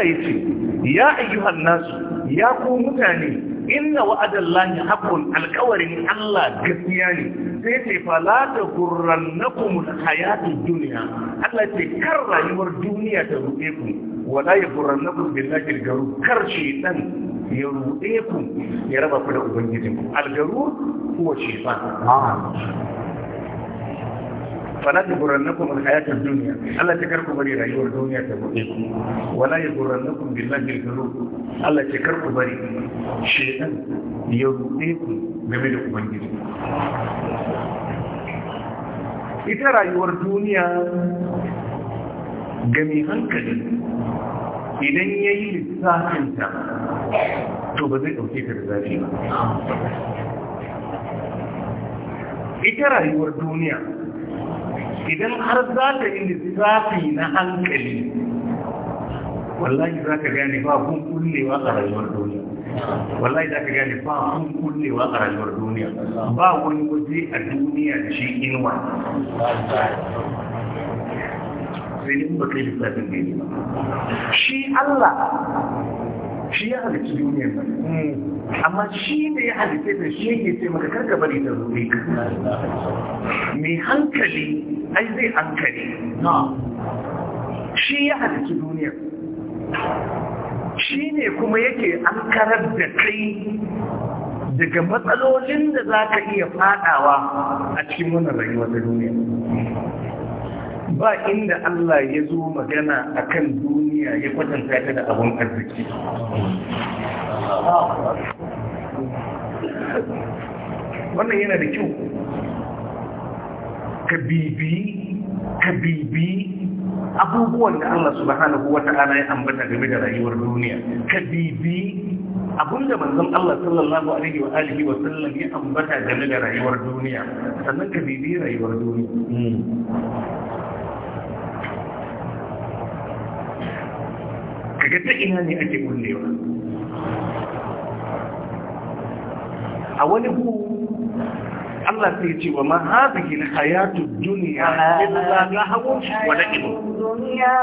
Allah ya ce ya ayyuhan nasu ya ku mutane inna wa'adallahi haqqun alqawarin Allah gaskiya ne sai ce fa la taghurrannakum alhayatud dunya Allah ce kar rayuwar duniya ta ruɗe ku wala yaghurrannakum billahi algarur kar shi dan ya ruɗe ku ya raba ku da ubangijinku algarur huwa ba fala ta gurrannakum alhayatud dunya Allah ta karku bari rayuwar duniya ta gobe ku wala ya gurrannakum billahi al-ghurur Allah ta karku bari shedan ya rude ku game da ubangiji ita rayuwar duniya game hankali idan ya yi lissafinta to ba zai ɗauke ta da zafi ba ita rayuwar duniya idan har za ta yi lissafi na hankali wallahi za ka gane ba kun kullewa a rayuwar duniya wallahi za ka gane ba kun kullewa a rayuwar duniya ba wani waje a duniya shi inuwa ne shi Allah shi ya halitta duniya ba amma shi ne ya halitta shi shi ke ce maka karka bari ta zuwa mai hankali ai zai hankali shi ya halittu duniya shi ne kuma yake an karar da kai daga matsalolin da za ka iya fadawa a cikin wani rayuwa ta duniya ba inda Allah ya zo magana a kan duniya ya kwatanta ta da abin arziki wannan yana da kyau ka bibi abubuwan da Allah subhanahu ta'ala ya ambata game da rayuwar duniya ka bibi da manzon Allah sallallahu alaihi wa alihi wa sallam ya ambata game da rayuwar duniya sannan ka bibi rayuwar duniya kaga ta ina ne ake kullewa a wani hu Allah sai ce wa ma hadhihi al-hayatu ad-dunya illa lahwun wa la'ib dunya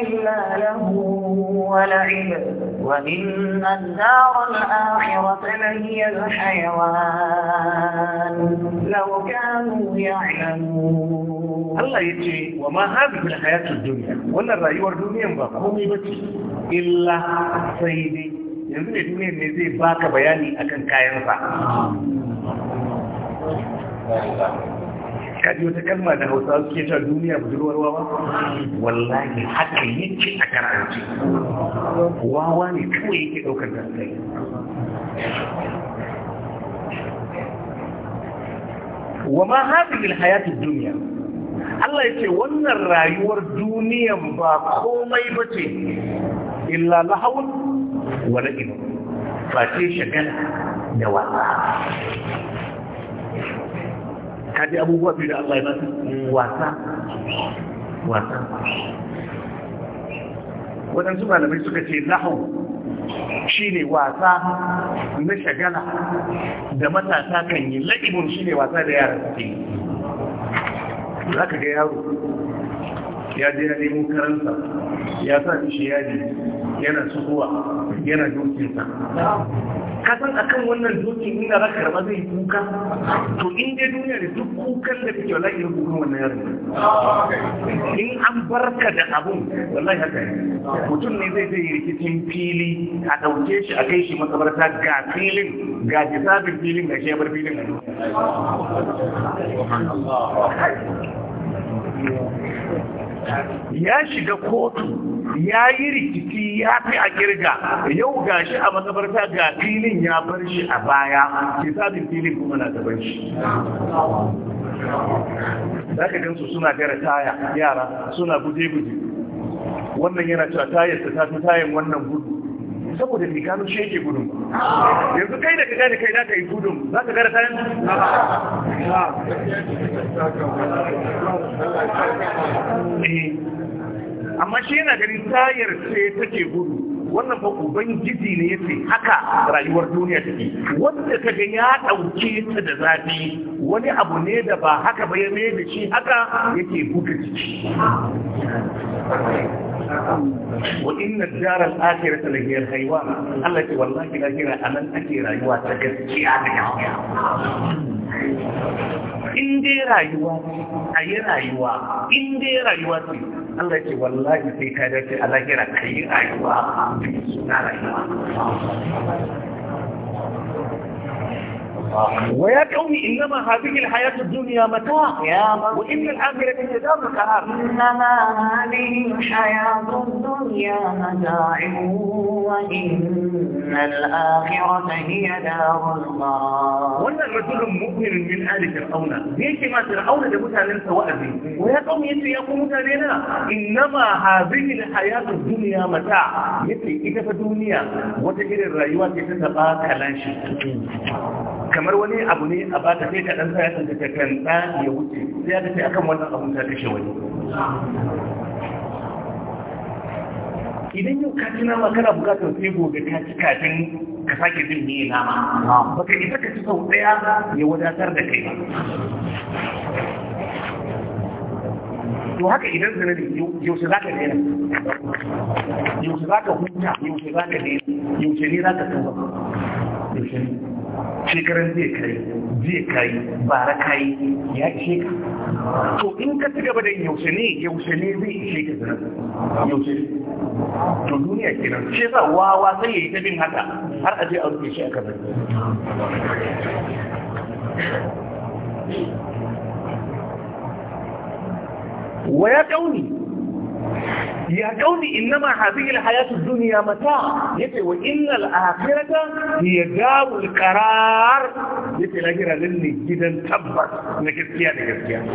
illa lahu wa la'ib wa inna ad-dar al-akhirata lahiya al-hayawan law kanu ya'lamun Allah yace wa ma hadhihi al-hayatu ad-dunya wannan rayuwar duniyan ba komai bace illa sai dai yanzu ne duniyar ne zai baka bayani akan kayansa kaji wata kalma da hausa suke ta duniya budurwar wawa wallahi haka yake a karance wawa ne kawai yake daukar da kai wa ma hadhihi alhayatu ad-dunya Allah yace wannan rayuwar duniyan ba komai ba ce. illa lahawun wa la'ib fa ce shagala da wasa kaji abubuwa biyu da Allah ya basu wasa wasa waɗansu malamai suka ce nahu shine wasa na shagala da matasa kan yi la'ibun shine wasa da yara suke yi za ka ga yaro ya je ya nemo karanta ya sa shi yaji yana sukuwa yana dokinsa ka san akan wannan dokin ina za karba zai kuka to in dai duniya da duk kukan da kake wala irin kukan wannan yaro in an barka da abun wallahi haka mutum ne zai zai rikicin fili a ɗauke shi a kai shi makabarta ga filin ga jisabin filin ga shi filin a ya shiga kotu ya yi rikici ya fi a kirga yau ga shi a makabarta ga filin ya bar shi a baya sabin filin kuma na gaban shi za ka gansu suna gara taya yara suna guje-guje wannan yana cewa tayar ta tafi tayan wannan gudu saboda likanu shi yake gudun yanzu kai da ka gane kai naka yi gudun za ka gara tayan eh, amma shi yana ganin tayar ce take gudu wannan fa ubangiji ne yace haka rayuwar duniya take wanda kaga ya dauke ta da zafi wani abu ne da ba haka ba ya mai da shi haka yake buga ciki. wa inna jaral akhirata la hiya al-hayawan Allah ce wallahi lahira anan ake rayuwa ta gaskiya da gaskiya in dai rayuwa a yi rayuwa in dai rayuwa ce Allah ce wallahi a rayuwa rayuwa ويا إنما هذه الحياة الدنيا متاع وإن الآخرة دار القرار إنما هذه الحياة الدنيا متاع وإن الآخرة هي دار القرار وإن رجل مؤمن من آل فرعون ليش ما فرعون ده انت وأبي ويا قوم يتي لنا إنما هذه الحياة الدنيا متاع يتي إذا في الدنيا وتجري الرأيوات يتتقى كلاشي kamar wani abu ne a ba sai ka dan sa ya ta kan da ya wuce sai ya tafi akan wannan abun ta kashe wani idan yau ka ci nama kana bukatar sai gobe ka ci kafin ka sake jin ne nama baka isa ka ci sau daya ya wadatar da kai to haka idan zina ne yaushe za ka daina yaushe za ka huta yaushe za ka daina yaushe ne za ka tuba yaushe ne shekaran zai kai zai kai bara kai ya ishe ka to in ka ci gaba da yaushe ne yaushe ne zai ishe ka zina yaushe to duniya ke nan. shi sa wawa sai ya yi ta bin haka har a je a rufe shi a kabari wa ya kauni يا كوني إنما هذه الحياة الدنيا متاع يتي وإن الآخرة هي دار القرار يتي لغير للي جدا تبت نكسيا نكسيا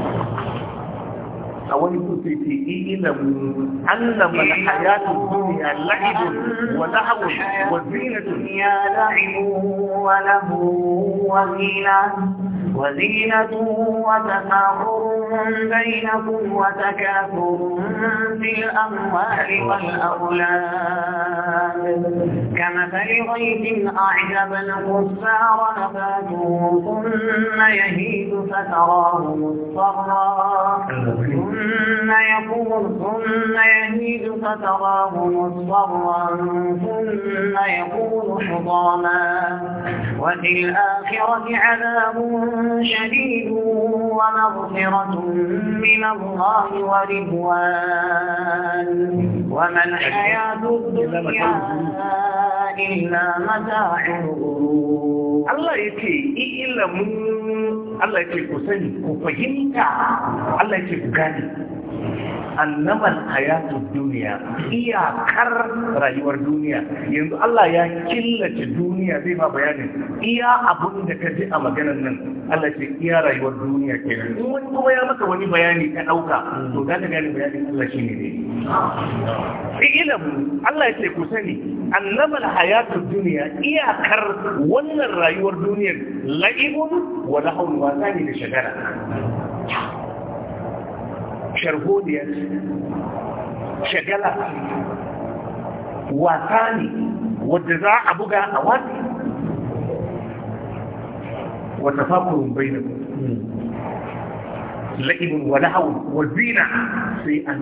أولي كنت في إعلم أنما الحياة الدنيا لعب ولهو وزينة الدنيا لعب وله وزينة وزينة وتفاخر بينكم وتكاثر في الأموال والأولاد كمثل غيث أعجب الكفار نباته ثم يهيد فتراه مصفرا ثم يقول ثم يهيد فتراه مصفرا ثم يقول حطاما وفي الآخرة عذاب شديد ومغفرة من الله ورضوان وما الحياة الدنيا إلا متاع Allah ya ce ilimin Allah ya ce ku sani ku fahimta Allah ya ce ku gane annaban hayatu duniya iyakar rayuwar duniya yanzu Allah ya killace duniya zai ba bayanin iya abun da ka ji a maganar nan Allah ce iya rayuwar duniya kenan nan wani kuma ya maka wani bayani ka dauka to za ka gane bayanin Allah shi ne ilmu Allah ya ce ku sani annaban hayatu duniya iyakar wannan rayuwar duniyar la'ibun wa lahun wasa ne da shagara sharhodiyar shagala wasa ne wadda za a buga a wani wata fakurin bai da la'ibin wani hawan wazina sai an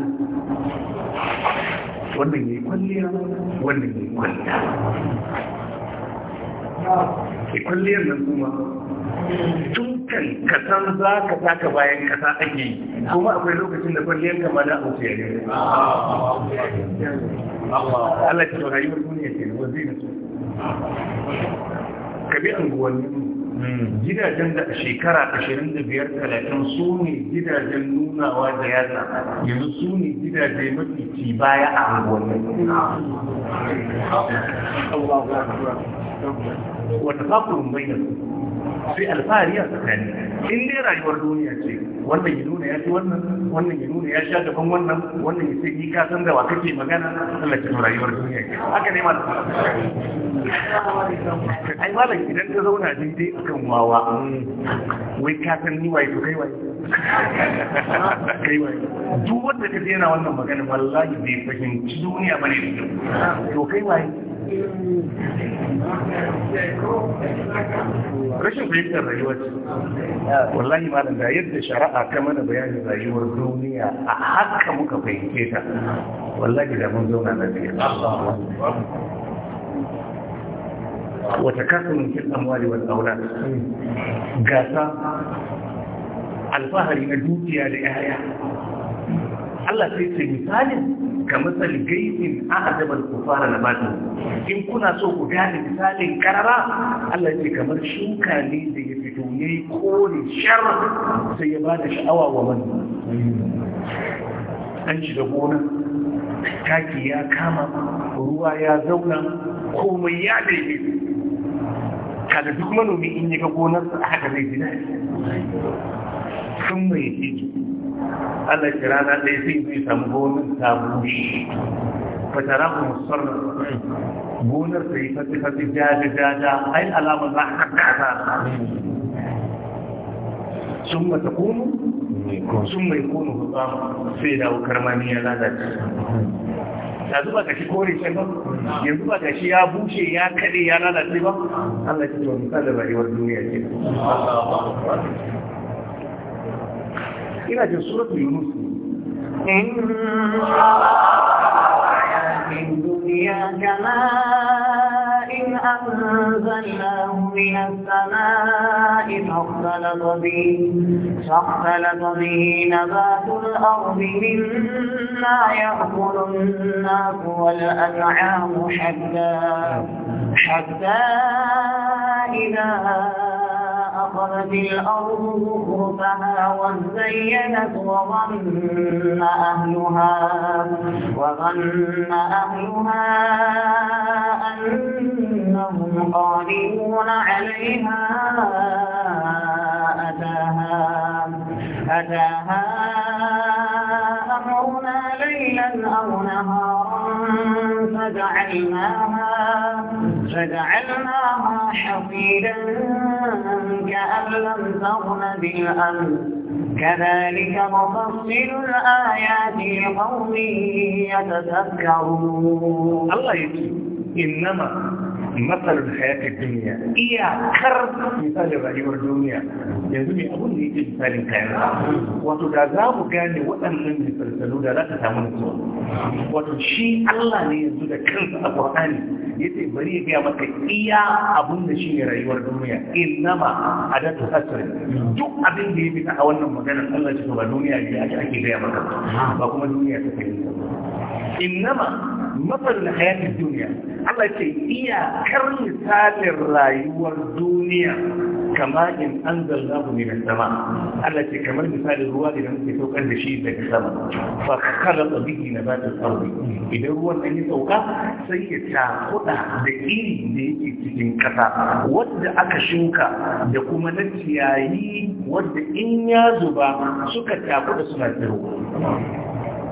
wannan ya yi kwalliya wannan ya yi kwalliya ya kwalliyar nan kuma tun Ka san za ka taka bayan kasa ake yi kuma akwai lokacin da kwalliyar kama na auce ya ne Allah ce wa rayuwar duniya ce wazina Ka bi anguwannin gidajen da a shekara 25-30 su ne gidajen nunawa da yasa yanzu su ne gidaje mafi ci baya a anguwanni wata fakulun bayyana sai alfahari ya tsakani in dai rayuwar duniya ce wannan ya nuna ya ce wannan wannan ya nuna ya sha gaban wannan wannan ya sai ni ka san da wa kake magana Allah ta rayuwar duniya ke haka ne malam ai malam idan ka zauna daidai akan wawa wai ka san ni waye to kai waye kai waye duk wanda ka yana wannan magana wallahi bai fahimci duniya bane to kai wai rashin fahimtar rayuwa ce wallahi malam da yadda shari'a ta mana bayanin rayuwar duniya a haka muka fahimce ta wallahi da mun zauna lafiya wata kasuwan kin amwali wal aulad gasa alfahari na dukiya da yaya Allah sai ce misalin kamar saligaisin a'adabar kufara da ba in kuna so ku gane misalin karara Allah ce kamar shuka ne da ya fito ya yi kone shar sai ya bada sha'awa wa wani an shiga gona taki ya kama ruwa ya zauna komai ya daidai kada duk manomi in yi ga gonarsa aka zai gina sun mai yake Allah shi rana ɗaya zai zai samu gonar ta bushe ba ta musar gonar ta yi fasi-fasi jaja-jaja ai alama za a kasa sun mata kunu sun mai kunu hutsama sai dawo karmani ya lalace yanzu ba shi kore shi ba yanzu ba shi ya bushe ya kade ya lalace ba Allah ya wani wa misalin rayuwar duniya ce إلى ina يونس إن yunus ne الدنيا كماء أنزلناه من السماء فاختلط به, فاختلط به نبات الأرض مما يأكل الناس والأنعام حتى حتى إذا وأخذت الأرض مغرفها وزينت وظن أهلها وظن أهلها أنهم قادرون عليها أتاها أتاها أمرنا ليلا أو نهارا فجعلناها فجعلناها حفيدا كأن لم تغن بالأمس كذلك نفصل الآيات لقوم يتذكرون الله يجزي إنما matsalar hayatar duniya iyakar misalin rayuwar duniya yanzu mai abun da yake misalin kayan wato da za mu gane waɗannan misalsalu da za ta samu nutsuwa wato shi Allah ne yanzu da kansa a Qur'ani ce bari ya gaya maka iya abun da shi ne rayuwar duniya a adatu hasri duk abin da ya fita a wannan maganar Allah shi ba duniya ne ake gaya maka ba kuma duniya ta fahimta innama matsalin hayatin duniya Allah ce iyakar misalin rayuwar duniya kama in an zalla ku ne sama Allah ce kamar misalin ruwa da muke saukar da shi daga sama fa kala tsabihi na ba ta sauri. idan ruwan nan ya sauka sai ya cakuɗa da iri da yake cikin ƙasa wadda aka shuka da kuma na ciyayi wadda in ya zuba suka cakuɗa suna tsiro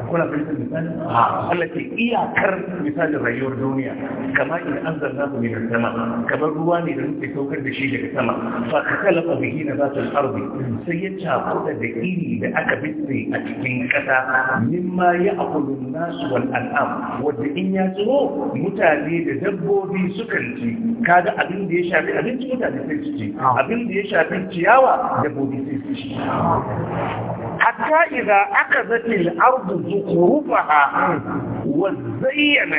kuna fahimtar misali ah. Allah ce iyakar misalin rayuwar duniya kama in an zanna su ne sama kamar ruwa ne da nufi saukar da shi daga sama fa ka kalafa bihi na zatul arzi sai ya cakuɗa da iri da aka bitse a cikin ƙasa mimma ya akulun nasu wal al'am wanda in ya tsoro mutane da dabbobi sukan ci kaga abin da ya shafi abinci mutane sai su ci ah. abin da ya shafi ciyawa dabbobi sai su ci hatta idza akazat al-ardu zukhrufaha wa zayyana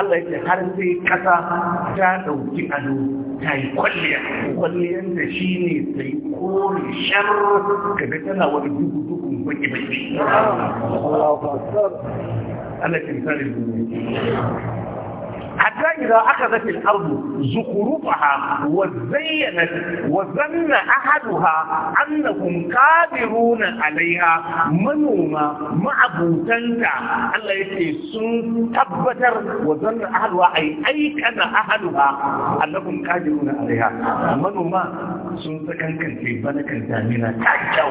Allah yake har sai kasa ta dauki ado ta yi kwalliya kwalliyan da shine sai kore shar kaga tana wani dubu dubu baki baki Allahu akbar Allah ke misali حتى إذا أخذت الأرض زخرفها وزينت وظن أحدها أنهم قادرون عليها منوما معبوتنتا الله يكي سن تبتر وظن أحدها أي أي كان أحدها أنهم قادرون عليها منوما سن تكن كنتي بنا كنتامينا تاكاو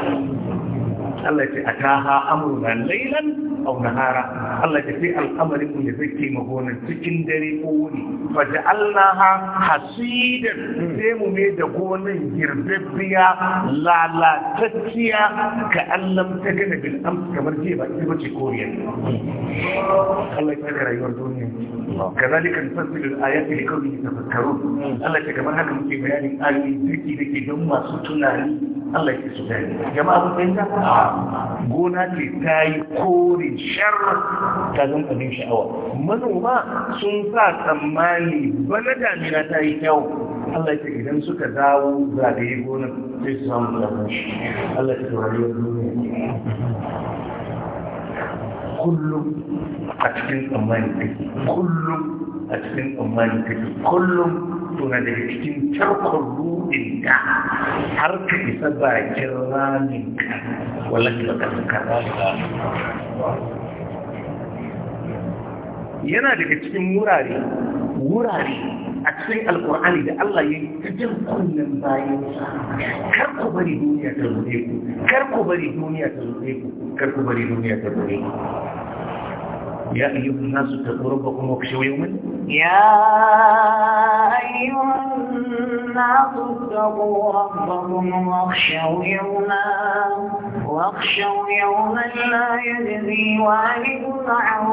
Allah ce ataha amruna laylan aw nahara Allah ce sai al'amarin mu zai zake magona cikin dare ko wuni fa ja'alnaha hasidan sai mu mai da gonan girbabbiya lalatacciya ka Allah ta gane bil amsa kamar jiya ba ita bace koriya Allah ya kare rayuwar duniya kazalika nufassilu al-ayati liqawmin yatafakkarun Allah ce kamar haka muke bayanin ayoyin dake dake don masu tunani Allah ya su gani jama'a mun fahimta gona ce ta yi kore shar ta zanta abin sha'awa manoma sun sa tsammani bana damina ta yi kyau Allah ce idan suka dawo zagaye gonar sai su samu zafin shi Allah ce rayuwar duniya kullum a cikin tsammani kullum a cikin tsammani kullum gudu daga cikin tarkon rudin da har ka isa bakin ramin ka walaka ka yana daga cikin wurare wurare a cikin alkur'ani da Allah ya yi ta jin kunnen bayan kar ku bari duniya ta rufe ku kar ku bari duniya ta rufe ku kar ku bari duniya ta rufe ku ya ayyuhan nasu taqurrubakum wa يا أيها الناس اتقوا ربكم واخشوا يوما واخشوا يوما لا يجزي والد عن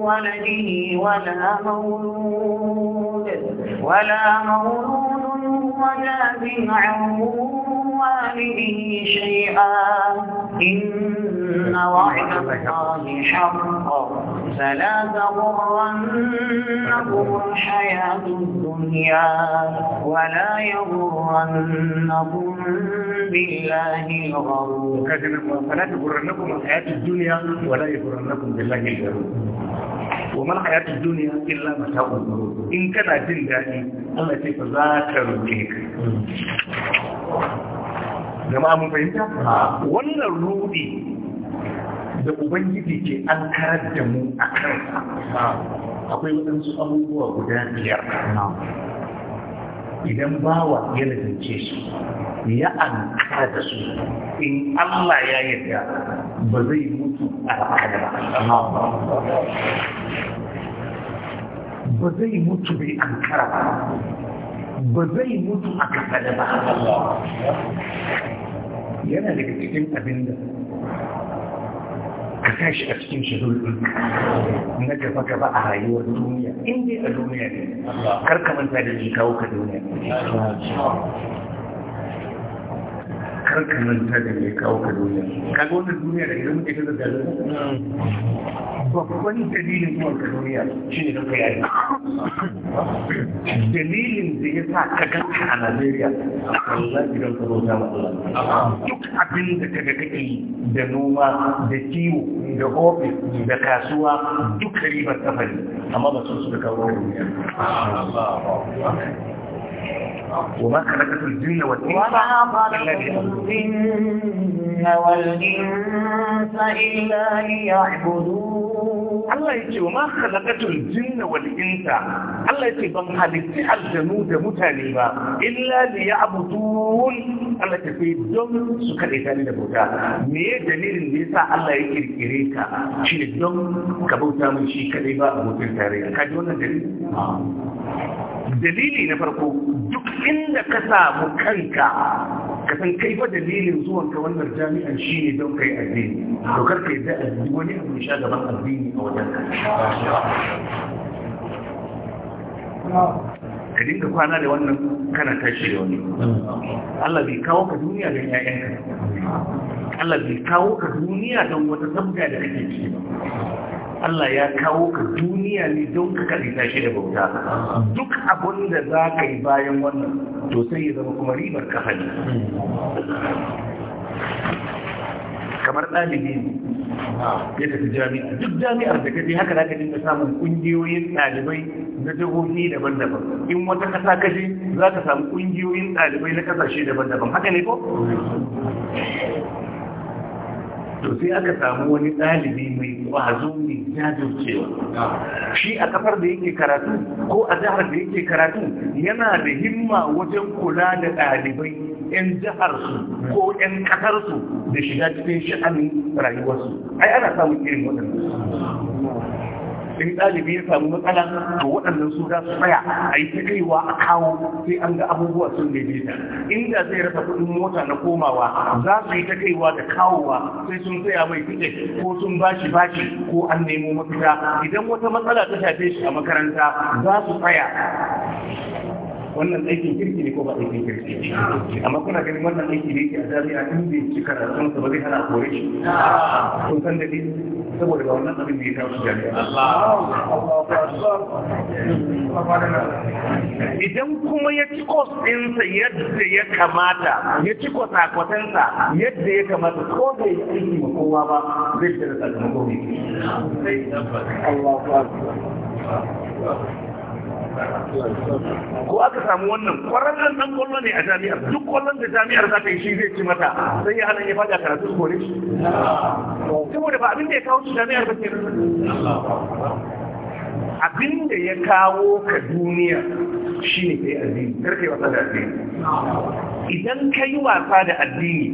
ولده ولا مولود ولا مولود ولا عن والده شيئا إن وعد الله حق فلا تغرنكم الحياة الدنيا ولا يغرنكم بالله الغرور فلا تغرنكم الحياة الدنيا ولا يغرنكم بالله الغرور وما الحياة الدنيا إلا متاع الغرور إن كان جن دادي الله يقول ذاك ربك جماعة من فهمت؟ wannan rudi da ubangiji ke an karar da mu a kansa akwai waɗansu abubuwa guda biyar idan bawa ya nazarce su ya an da su in Allah ya yarda ba zai mutu a kada ba ba zai mutu bai an kara ba ba zai mutu a kada ba yana daga cikin abin da ka shi a cikin ɗin na gaba gaba a rayuwar duniya inda a duniya ne kar ka da ke kawo ka duniya kar ka da ke kawo ka duniya ka wannan duniya da idan muke da dalilin babban dalilin kawo ka duniya shine kanka yayi دليل انتهيتها تجدها على ذلك الله جلت رجاء الله تك أبن تجدكي دنوما دكيو دغوب دكاسوا تك ريب التفل أما بسوس بكرور الله الله وما خلقت الجن والإنس وما خلقت الجن والإنس إلا ليعبدون Allah ya ce wa ma khalaqatul jinna wal insa Allah ya ce ban halitti aljanu da mutane ba illa li ya'budun Allah ya ce don su kade ta da bauta me dalilin da yasa Allah ya kirkire ka shi don ka bauta mun shi kadai ba a abokin tarayya ka ji wannan dalili dalili na farko duk inda ka samu kanka ka san kai fa dalilin zuwan ka wannan jami'an shi ne don kai addini to kar ka yadda addini, wani abu sha gaban addini a wajen ka ka dinga kwana da wannan kana tashi da wani Allah bai kawo ka duniya don ka Allah bai kawo ka duniya don wata sabga da kake ciki ba Allah ya kawo ka duniya ne don ka karita shi da bauta duk abin da za ka yi bayan wannan to sai ya zama kuma ribar ka hali kamar ɗalibi ya tafi jami'a duk jami'ar da kaje haka za ka dinga samun ƙungiyoyin ɗalibai na jihohi daban-daban in wata ƙasa kaje za ka samu ƙungiyoyin ɗalibai na ƙasashe daban-daban haka ne ko to sai aka samu wani ɗalibi mai wazo mai jajircewa shi a kafar da yake karatu ko a jihar da yake karatu yana da himma wajen kula da ɗalibai 'yan su ko 'yan su da shiga cikin sha'anin rayuwarsu ai ana samun irin waɗanda in ɗalibi ya samu matsala to waɗannan su za su tsaya a yi kaiwa a kawo sai an ga abubuwa sun daidaita inda zai rasa kuɗin mota na komawa za su yi ta kaiwa da kawowa sai sun tsaya mai fice ko sun bashi bashi ko an nemo mafita idan wata matsala ta shafe shi a makaranta za su tsaya wannan aikin kirki ne ko ba aikin kirki amma kuna ganin wannan aiki da ke a jami'a in bai cika da sa ba zai hana kore shi sun san da saboda ba wannan abin da ya kawo shi jami'a idan kuma ya ci kos ɗinsa yadda ya kamata ya ci kwasa yadda ya kamata ko da ya aiki ma kowa ba zai fi da sakamako ne Allah ko aka samu wannan kwararren dan kwallo ne a jami'ar duk kwallon da jami'ar za ta yi shi zai ci mata sai ya hana ya fada karatu kore shi saboda ba abin da ya kawo shi jami'ar ba ke abin da ya kawo ka duniya shi ne kai addini karkai wasa da addini idan ka yi wasa da addini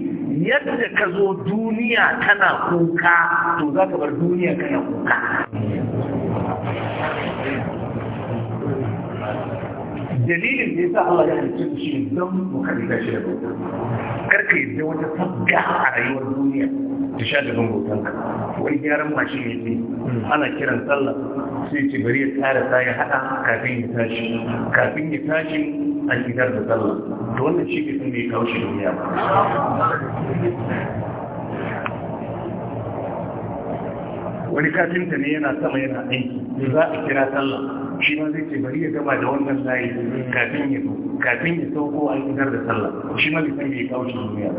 yadda ka zo duniya kana kuka to za ka bar duniya kana kuka dalilin da ya sa Allah ya halice su shi don mu karanta shi da bauta karka yadda wata sabga a rayuwar duniya ta sha da bautan ka wani gyaran mashin ya ce ana kiran sallah sai ce bari ya tsara sa ya haɗa kafin ya tashi kafin ya tashi a gidan da sallah to wannan shi ke sun da ya kawo shi duniya ba wani kafinta ne yana sama yana aiki za a kira sallah shi ma zai ce bari ya gaba da wannan layi kafin ya zo kafin ya sauko an idar da sallah shi ma zai ya kawo shi duniya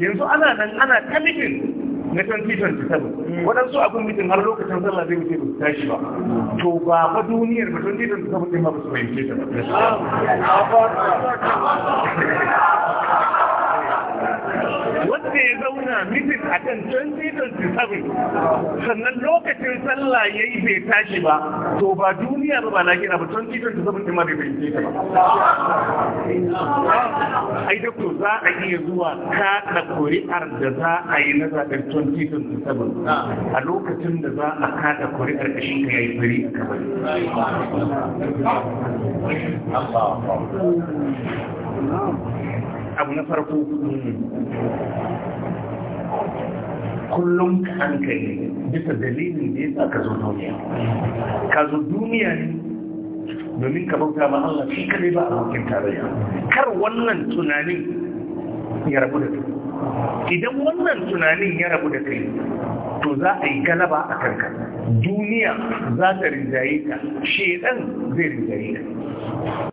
yanzu ana nan ana ta mitin na 2027 waɗansu abin mitin har lokacin sallah zai wuce ba su tashi ba to ba fa duniyar ba 2027 ɗin ma ba su fahimce ta ba wanda ya zauna mitin a kan 2027 sannan lokacin sallah ya yi bai tashi ba to ba duniya ba ba na gina ba 2027 ɗin ma bai bai ta ba ai da ku za a iya zuwa kaɗa kuri'ar da za a yi na zaɓen 2027 a lokacin da za a kaɗa kuri'ar da shi ka yi fari a kabari Allah abu na farko kullum ka kai bisa dalilin da ya ka zo duniya ka zo duniya ne domin ka bauta ma Allah shi kare ba abokin tarayya kar wannan tunanin ya rabu da kai idan wannan tunanin ya rabu da kai to za a yi galaba a kanka duniya za ta rinjaye ka shedan zai rinjaye ka